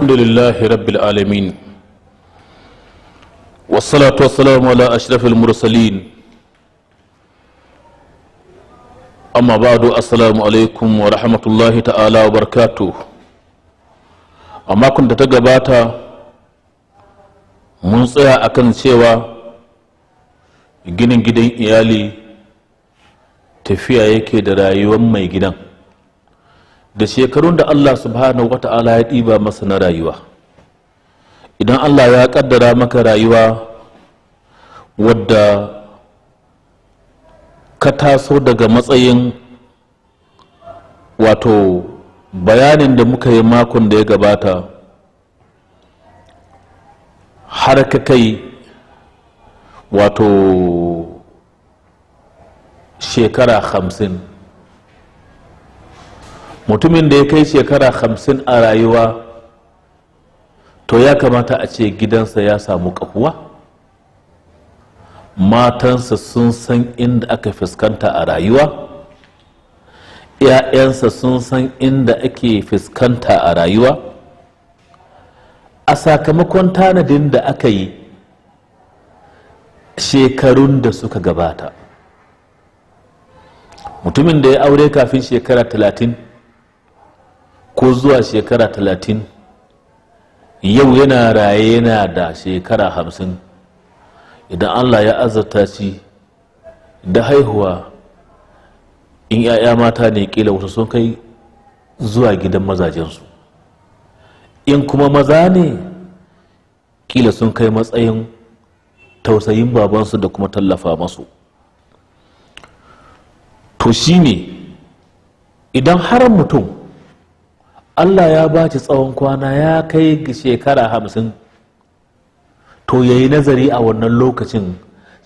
الحمد لله رب العالمين والصلاة والسلام على أشرف المرسلين أما بعد السلام عليكم ورحمة الله تعالى وبركاته أما كنت تقباتا mun أكن akan cewa جدين إيالي تفيا tafiya yake da rayuwar mai da shekarun da Allah subhanahu ta'ala ya ɗiba masa na rayuwa idan Allah ya ƙaddara maka rayuwa wadda ka taso daga matsayin wato bayanin da muka yi makon da ya gabata har ka kai wato shekara hamsin mutumin da ya kai shekara hamsin a rayuwa to ya kamata a ce gidansa ya samu kahuwa matansa sun san inda aka fuskanta a rayuwa ‘ya'yansa sun san inda ake fuskanta a rayuwa a sakamakon tanadin da aka yi shekarun da suka gabata mutumin da ya aure kafin shekara talatin ko zuwa shekara talatin yau yana raye yana da shekara hamsin idan allah ya azarta shi da haihuwa in 'ya'ya mata ne kila wasu sun kai zuwa gidan mazajensu in kuma maza ne kila sun kai matsayin tausayin babansu da kuma tallafa masu to shi ne idan har mutum allah ya ba tsawon kwana ya kai shekara hamsin to ya yi nazari a wannan lokacin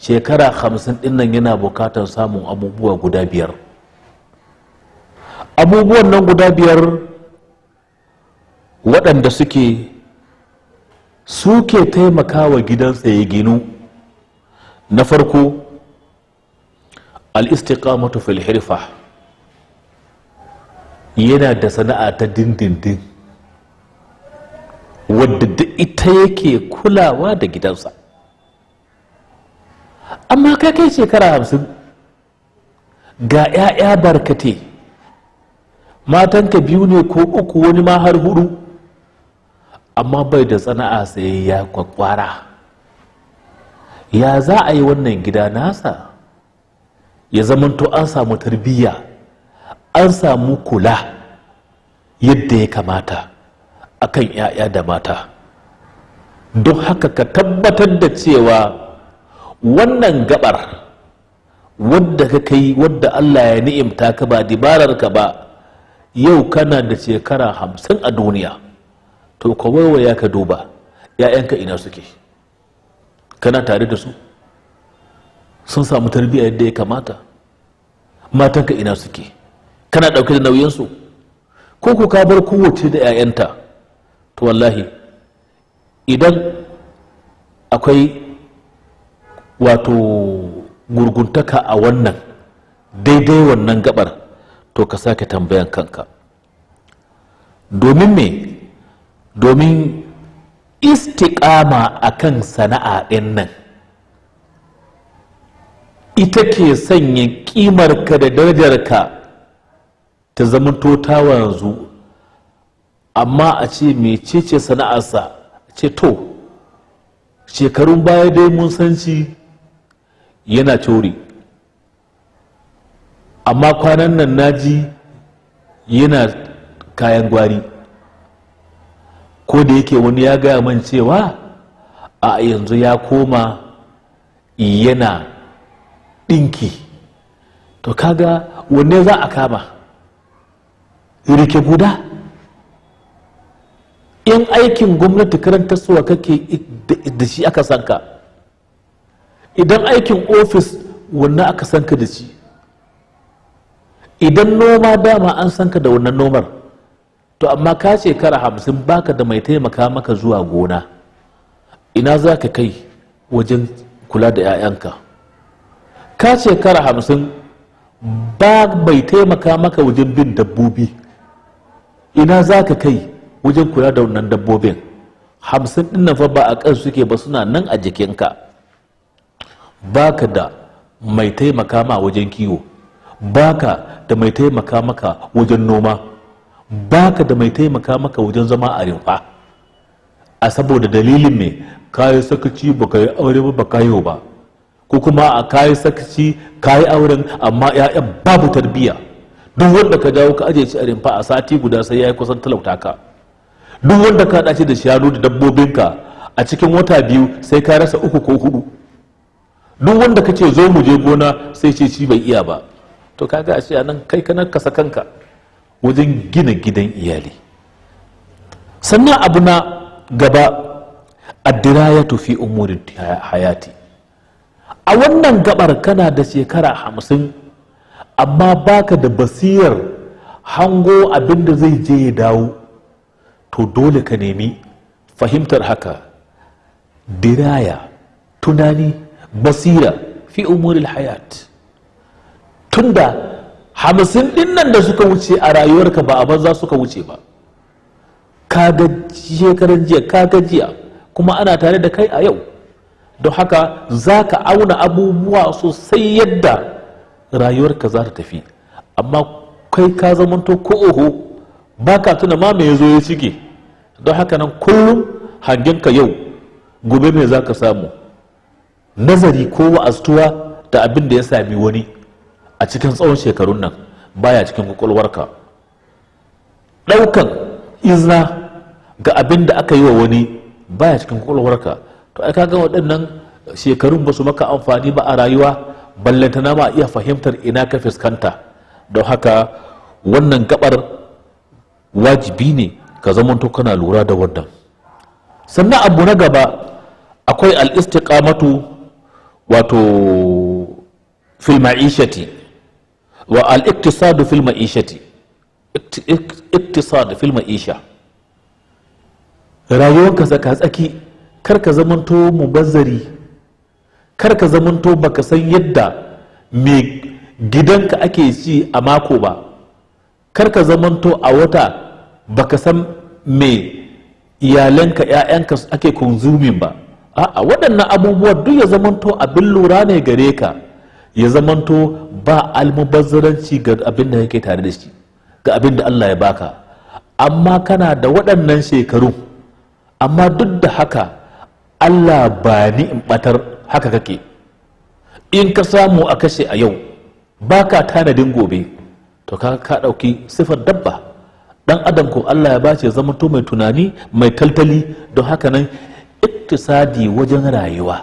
shekara hamsin dinnan yana bukatar samun abubuwa guda biyar abubuwan nan guda biyar waɗanda suke suke taimakawa gidansa ya ginu na farko al-istiqamatu fil yana da sana'a ta dindindin wadda da ita yake kulawa da gidansa amma ka kai shekara hamsin ga 'ya'ya barkate matanka biyu ne ko uku wani ma har hudu amma bai da sana'a sai ya kwakwara ya za a yi wannan gida nasa ya zamanto an samu tarbiyya an samu kula yadda ya kamata a kan 'ya'ya da mata don haka ka tabbatar da cewa wannan gabar wadda ka kai wadda allah ya ni'imta ka ba dibarar ka ba yau kana da shekara hamsin a duniya to ka waiwaya ka duba 'ya'yanka ina suke kana tare da su sun samu tarbiyya yadda ya kamata matanka ina suke kana ɗauke da nauyinsu ko ku ka bar kowace da 'ya'yanta to wallahi idan akwai wato gurguntaka a wannan daidai wannan gabar to ka sake tambayan kanka domin me domin istiƙama a kan sana'a ɗin nan ita ke sanya ƙimarka da darajarka ta zamanto ta yanzu. amma a ce mecece sana'arsa ce to shekarun baya dai mun san ci yana cori amma kwanan nan naji yana kayan gwari ko da yake wani ya gaya man cewa a yanzu ya koma yana ɗinki to kaga wanne za a kama rike guda in aikin gwamnati karanta suwa kake da shi aka sanka idan aikin ofis wannan aka sanka da shi idan noma dama an sanka da wannan nomar to amma ka shekara hamsin baka da mai taimaka maka zuwa gona ina za ka kai wajen kula da 'ya'yanka ka shekara hamsin ba mai taimaka maka wajen bin dabbobi ina za ka kai wajen kula da wannan dabbobin hamsin ɗin nan fa ba a kan suke ba suna nan a jikinka baka da mai taimaka ma wajen kiwo baka da mai taimaka maka wajen noma baka da mai taimaka maka wajen zama a rinfa a saboda dalilin me kayi sakaci ba ka yi aure ba ba kayo ba ko kuma a kayi sakaci kayi auren amma 'ya'yan babu tarbiyya duk wanda ka jawo ka aje shi a rimfa a sati guda sai ya yi kusan talauta ka duk wanda ka dace da shanu da dabbobinka a cikin wata biyu sai ka rasa uku ko hudu duk wanda ka ce zo mu je gona sai ce shi bai iya ba to kaga a ce nan kai kana kasa kanka wajen gina gidan iyali sannan abu na gaba ya tufi umurin hayati a wannan gabar kana da shekara hamsin amma baka da basirar hango abinda zai je ya dawo to dole ka nemi fahimtar haka diraya tunani basira fi umuril hayat tunda hamsin din nan da suka wuce a rayuwarka ba a banza suka wuce ba ka shekaran shekaran jiya ka jiya. kuma ana tare da kai a yau don haka za ka auna abubuwa sosai yadda rayuwarka za ta tafi amma kai ka zamanto ko oho ba ka tuna ma me zo ya shige don haka nan kullum ka yau gobe me za ka samu nazari ko wa'aztuwa da abin da ya sami wani a cikin tsawon shekarun nan baya cikin kwakwalwarka ɗaukan izna ga abin da aka yi wa wani baya cikin kwakwalwarka to ai ka ga waɗannan shekarun ba su maka amfani ba a rayuwa ballantana ma iya fahimtar ina ka fuskanta don haka wannan gabar wajibi ne ka zamanto kana lura da wannan sannan abu na gaba akwai al'istiƙamatu wato fil ma'ishati wa al'iktisadu fil ma'ishati iktisad fil ma'isha rayuwanka tsaka tsaki kar ka zamanto mubazzari kar ka zamanto ka san yadda mai gidanka ake ci a mako ba kar ka zamanto a wata baka san mai iyalanka 'ya'yanka ake konzumin ba a waɗannan abubuwan duk ya zamanto abin lura ne gare ka ya zamanto ba almubazzaranci ga abin da yake tare da shi ga abin da Allah ya baka amma kana da waɗannan shekaru amma duk da haka Allah ba ni in ɓatar. haka kake in ka samu a kashe a yau ba ka tanadin gobe to ka ka ɗauki sifar dabba ɗan adam ko allah ya bace zama to mai tunani mai taltali don haka nan iktisadi wajen rayuwa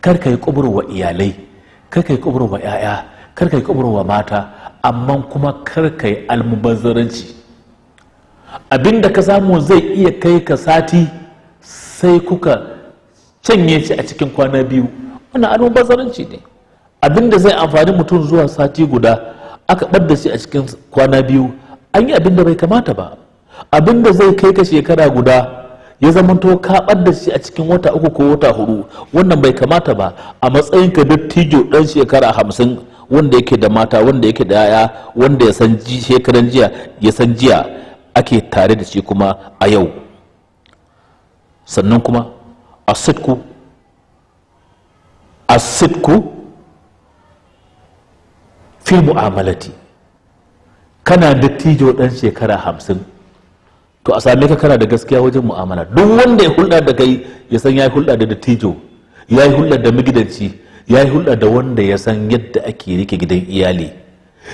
kar ka yi wa iyalai kar ka yi wa 'ya'ya kar ka yi wa mata amma kuma kar ka yi almubazzaranci abinda ka samu zai iya kai ka sati sai kuka canye shi a cikin kwana biyu adon bazaranci ne abinda zai amfani mutum zuwa sati guda aka ɓadda shi a cikin kwana biyu an yi abinda bai kamata ba abinda zai kai ka shekara guda ya zamanto ka ɓadda shi a cikin wata uku ko wata hudu wannan bai kamata ba a matsayin ka dattijo ɗan shekara hamsin wanda yake da mata wanda yake da yaya wanda ya san shekaran jiya ya san jiya ake tare da shi kuma a yau sannan kuma a sitku as-sidku fi mu'amalati kana dattijo dan shekara hamsin to a same ka kana da gaskiya wajen mu'amala duk wanda ya hulɗa da kai ya san ya yi da dattijo ya yi da magidanci ya yi da wanda ya san yadda ake rike gidan iyali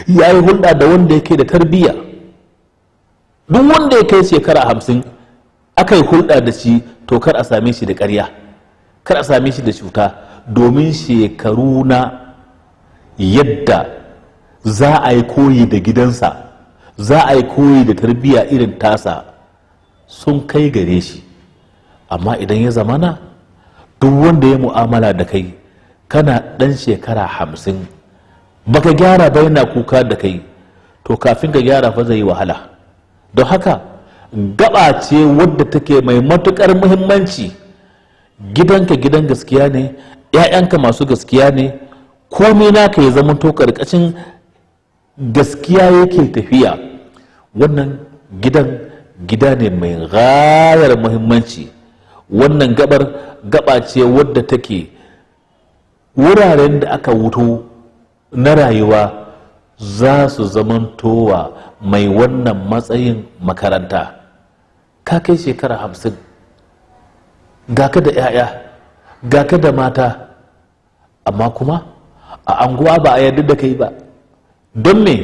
ya yi da wanda yake da tarbiyya duk wanda ya kai shekara hamsin aka yi hulɗa da shi to kar a same shi da ƙarya kar a same shi da cuta domin shekaru na yadda za a yi koyi da gidansa za a yi koyi da tarbiyya irin tasa sun kai gare shi amma idan ya zamana duk wanda ya mu'amala da kai kana ɗan shekara hamsin baka gyara ba yana kuka da kai to kafin ka gyara fa zai yi wahala don haka gaba ce wadda take mai matuƙar muhimmanci gidanka gidan gaskiya ne 'ya'yanka masu gaskiya ne komai naka ya zama to karkashin gaskiya yake tafiya wannan gidan gida ne mai gayar muhimmanci wannan gabar gaba ce wadda take wuraren da aka wuto na rayuwa za su towa mai wannan matsayin makaranta ka kai shekara hamsin ga ka da 'ya'ya ga ka da mata amma kuma a anguwa ba a yarda da kai ba don me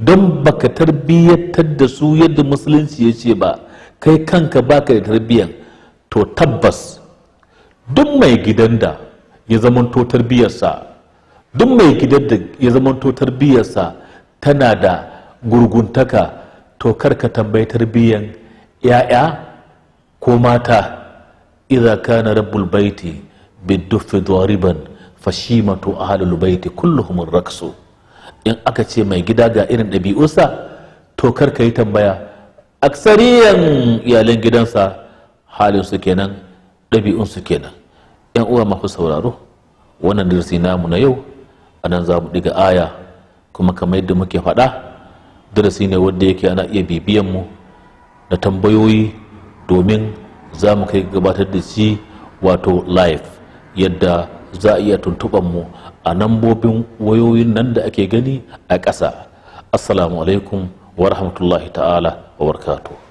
don baka tarbiyyatar da su yadda musulunci ya ce ba kai kanka baka da tarbiyyan to tabbas duk mai gidan da ya zamanto tarbiyyarsa duk mai gidan da ya zamanto tarbiyyarsa tana da gurguntaka to karka tambayi tarbiyyan 'ya'ya ko mata idza kana rabbul baiti biddufi dariban fashimatu ahlul baiti kulluhum raksu in aka ce mai gida ga irin ɗabi'unsa to kar ka yi tambaya aksariyan iyalan gidansa halinsu kenan ɗabi'unsu kenan yan uwa masu sauraro wannan darasi namu na yau a nan za mu ɗiga aya kuma kamar yadda muke faɗa darasi ne wanda yake ana iya bibiyan mu da tambayoyi domin za mu kai gabatar da shi wato live yadda za a iya tuntuɓar mu a nambobin wayoyin nan da ake gani a ƙasa assalamu alaikum wa rahmatullahi ta'ala wa barkatu